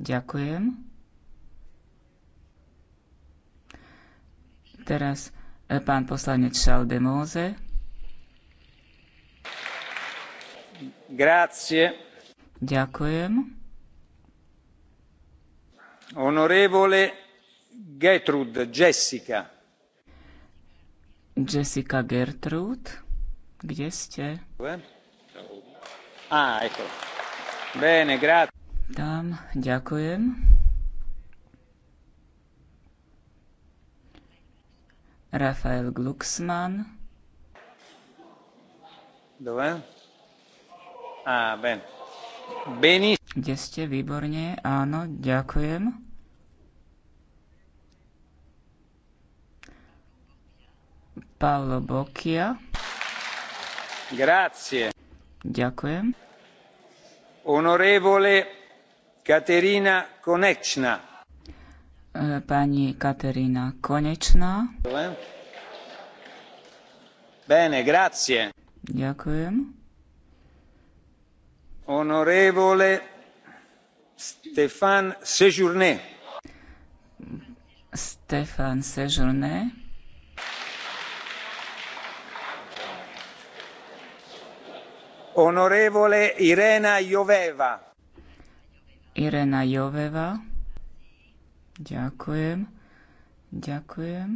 Ďakujem. Teraz e, pán poslanec Šaldemóze. Grazie. Ďakujem. Honorevole Gertrud Jessica. Jessica Gertrud, kde ste? Ah, ecco. Bene, grazie. Tam ďakujem. Rafael Glucksmann. Dobre. A ben. Beni. Kde ste? Výborne. Áno, ďakujem. Paolo Bocchia. Grazie. Ďakujem. Onorevole Katerina Konečná. E, pani Katerína Konečná. Bene, grazie. Ďakujem. Honorevole Stefan Sejourné. Stefan Sejourné. honorevole Irena Joveva Irena Joveva. Ďakujem. Ďakujem.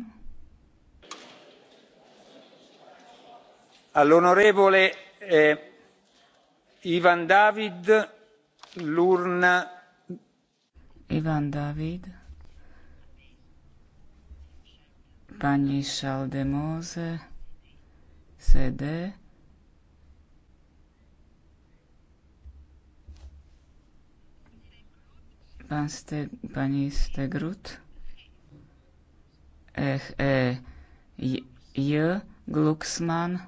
All'onorevole eh, Ivan David Lurna. Ivan David. Pani Šaldemose. CD. Pán Ste, pani Stegrut. Ech, e, j, j, Glucksmann,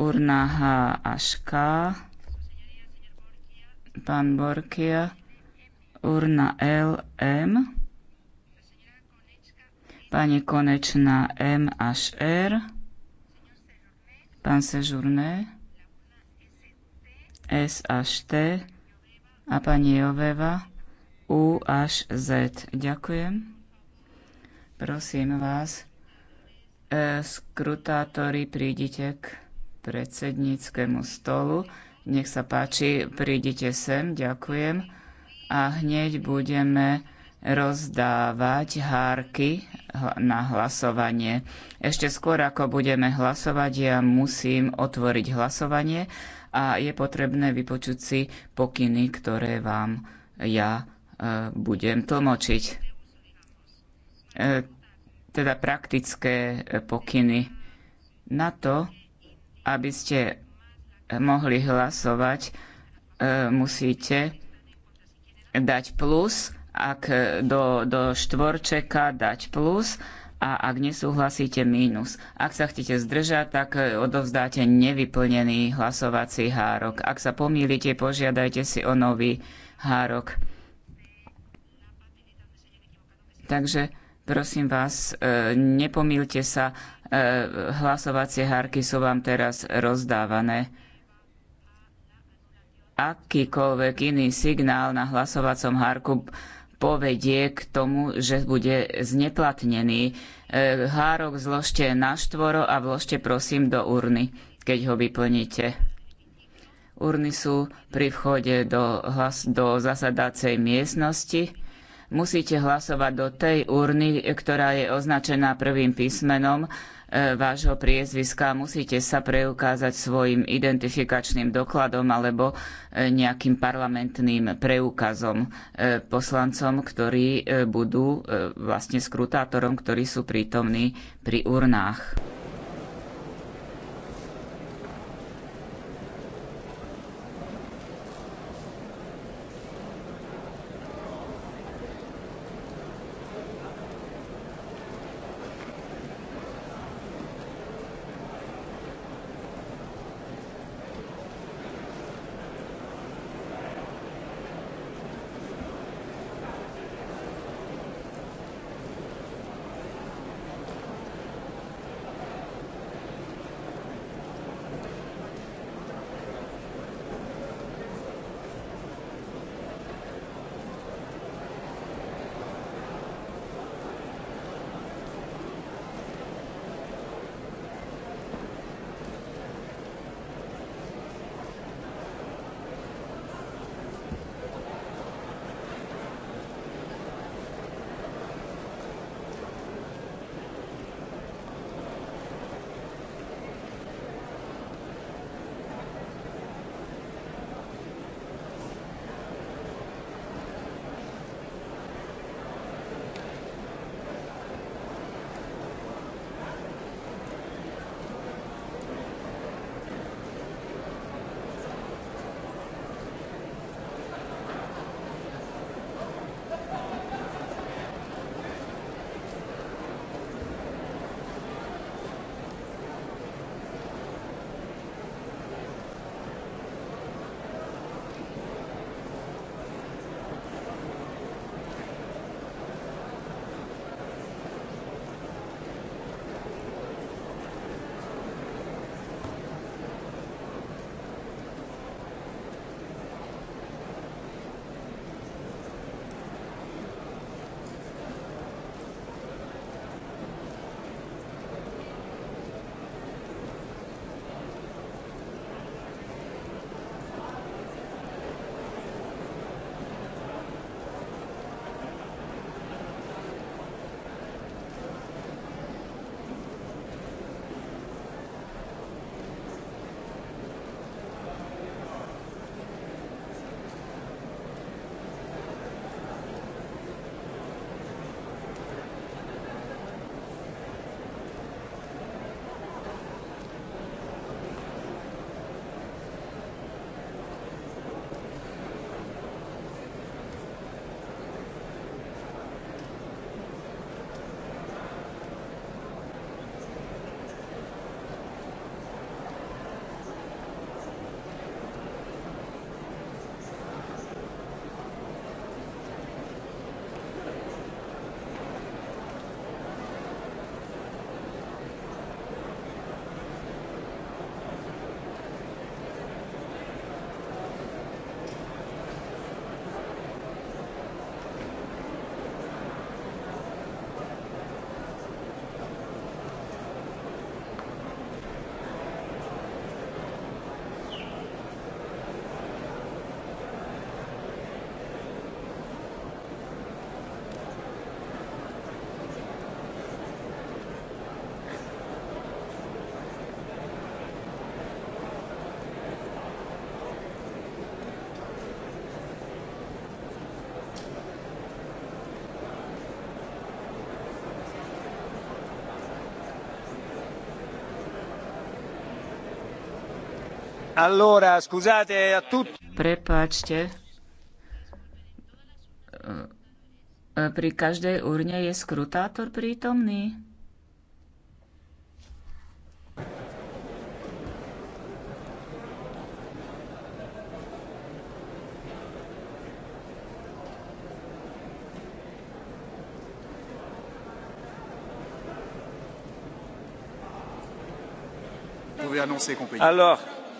urna H až K, pán Borkia, urna L, M, pani Konečná M až R, pán Sežurné, S až T, a pani Joveva U až Z. Ďakujem. Prosím vás, e, skrutátori, prídite k predsedníckému stolu. Nech sa páči, prídite sem, ďakujem. A hneď budeme rozdávať hárky na hlasovanie. Ešte skôr, ako budeme hlasovať, ja musím otvoriť hlasovanie a je potrebné vypočuť si pokyny, ktoré vám ja e, budem tlmočiť. E, teda praktické e, pokyny na to, aby ste mohli hlasovať, musíte dať plus, ak do, do štvorčeka dať plus a ak nesúhlasíte mínus. Ak sa chcete zdržať, tak e, odovzdáte nevyplnený hlasovací hárok. Ak sa pomýlite, požiadajte si o nový hárok. Takže prosím vás, e, nepomýlte sa, e, hlasovacie hárky sú vám teraz rozdávané. Akýkoľvek iný signál na hlasovacom hárku povedie k tomu, že bude zneplatnený. E, Hárok zložte na štvoro a vložte prosím do urny, keď ho vyplníte. Urny sú pri vchode do, hlas, do zasadacej miestnosti. Musíte hlasovať do tej urny, ktorá je označená prvým písmenom, E, vášho priezviska, musíte sa preukázať svojim identifikačným dokladom alebo e, nejakým parlamentným preukazom e, poslancom, ktorí budú vlastne skrutátorom, ktorí sú prítomní pri urnách. Allora, scusate a tutti. Prepáčte. Pri každej urne je skrutátor prítomný. Alors,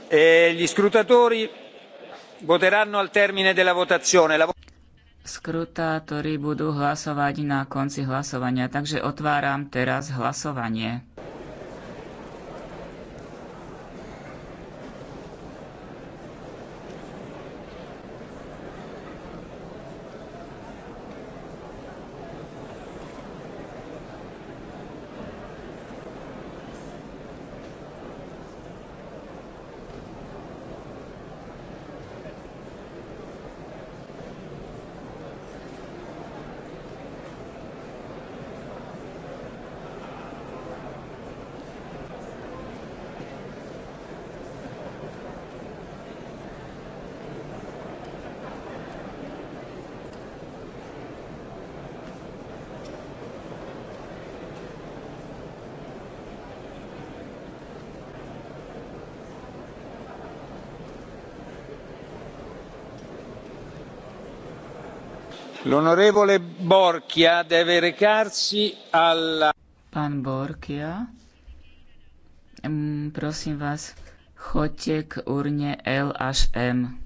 E gli scrutatori voteranno al termine della votazione. Skrutátori budú hlasovať na konci hlasovania, takže otváram teraz hlasovanie. L'onorevole Borchia deve recarsi alla... Pán Borchia, mm, prosím vás, choďte k urne L až M.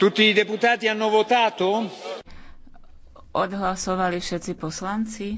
Tutti i deputati hanno votato? Odhlasovali všetci poslanci?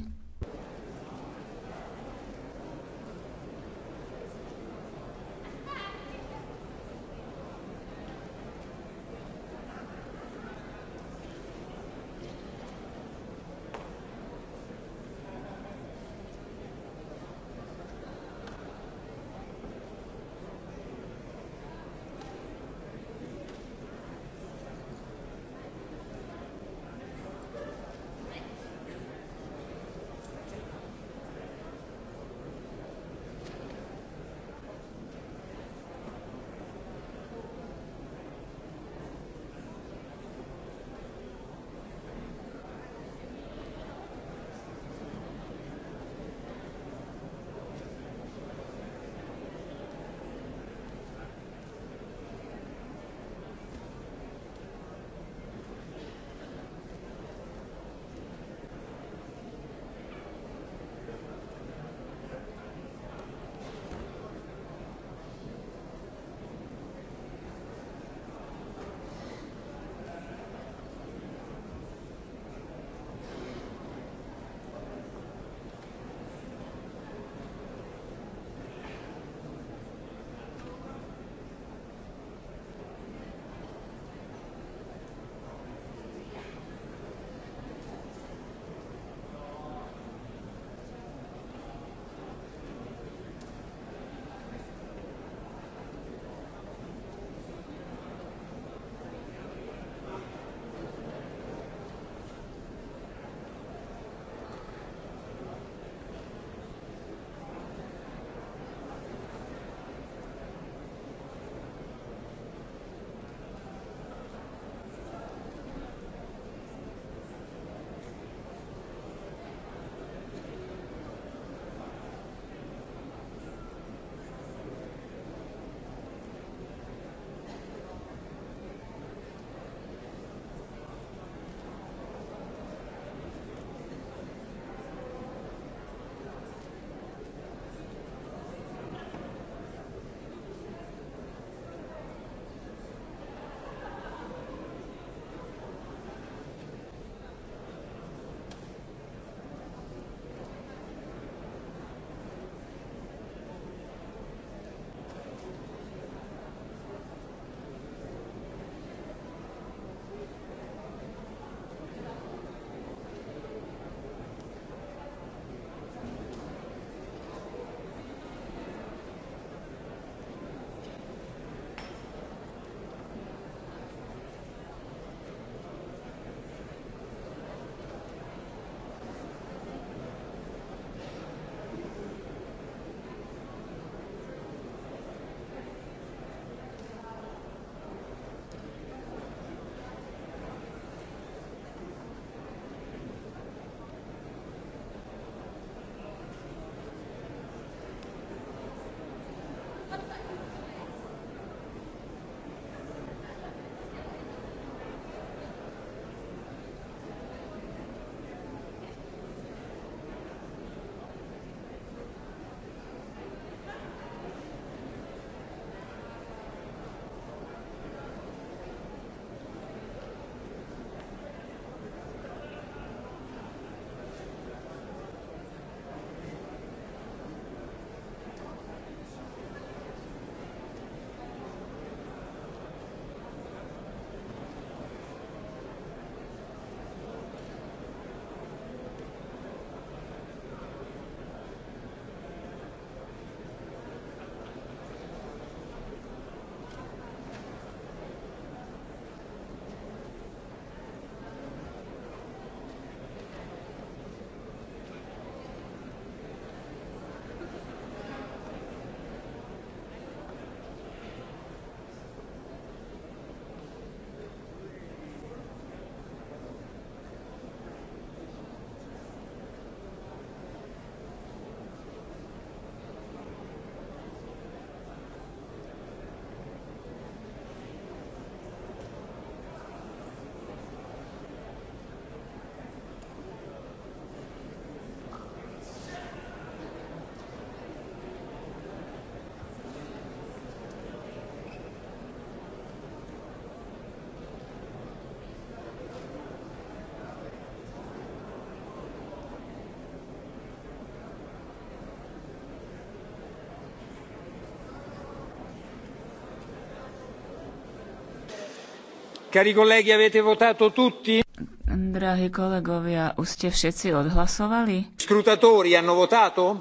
Cari colleghi, avete votato tutti? Drahí kolegovia, už ste všetci odhlasovali? Scrutatori hanno votato?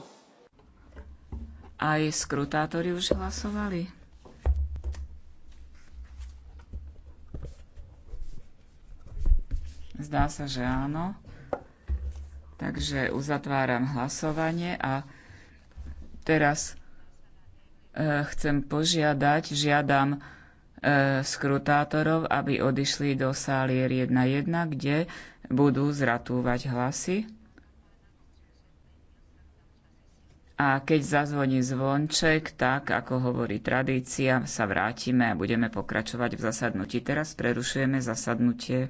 Aj skrutátori už hlasovali. Zdá sa, že áno. Takže uzatváram hlasovanie a teraz eh, chcem požiadať, žiadam E, skrutátorov, aby odišli do salier 1.1, kde budú zratúvať hlasy. A keď zazvoní zvonček, tak ako hovorí tradícia, sa vrátime a budeme pokračovať v zasadnutí. Teraz prerušujeme zasadnutie.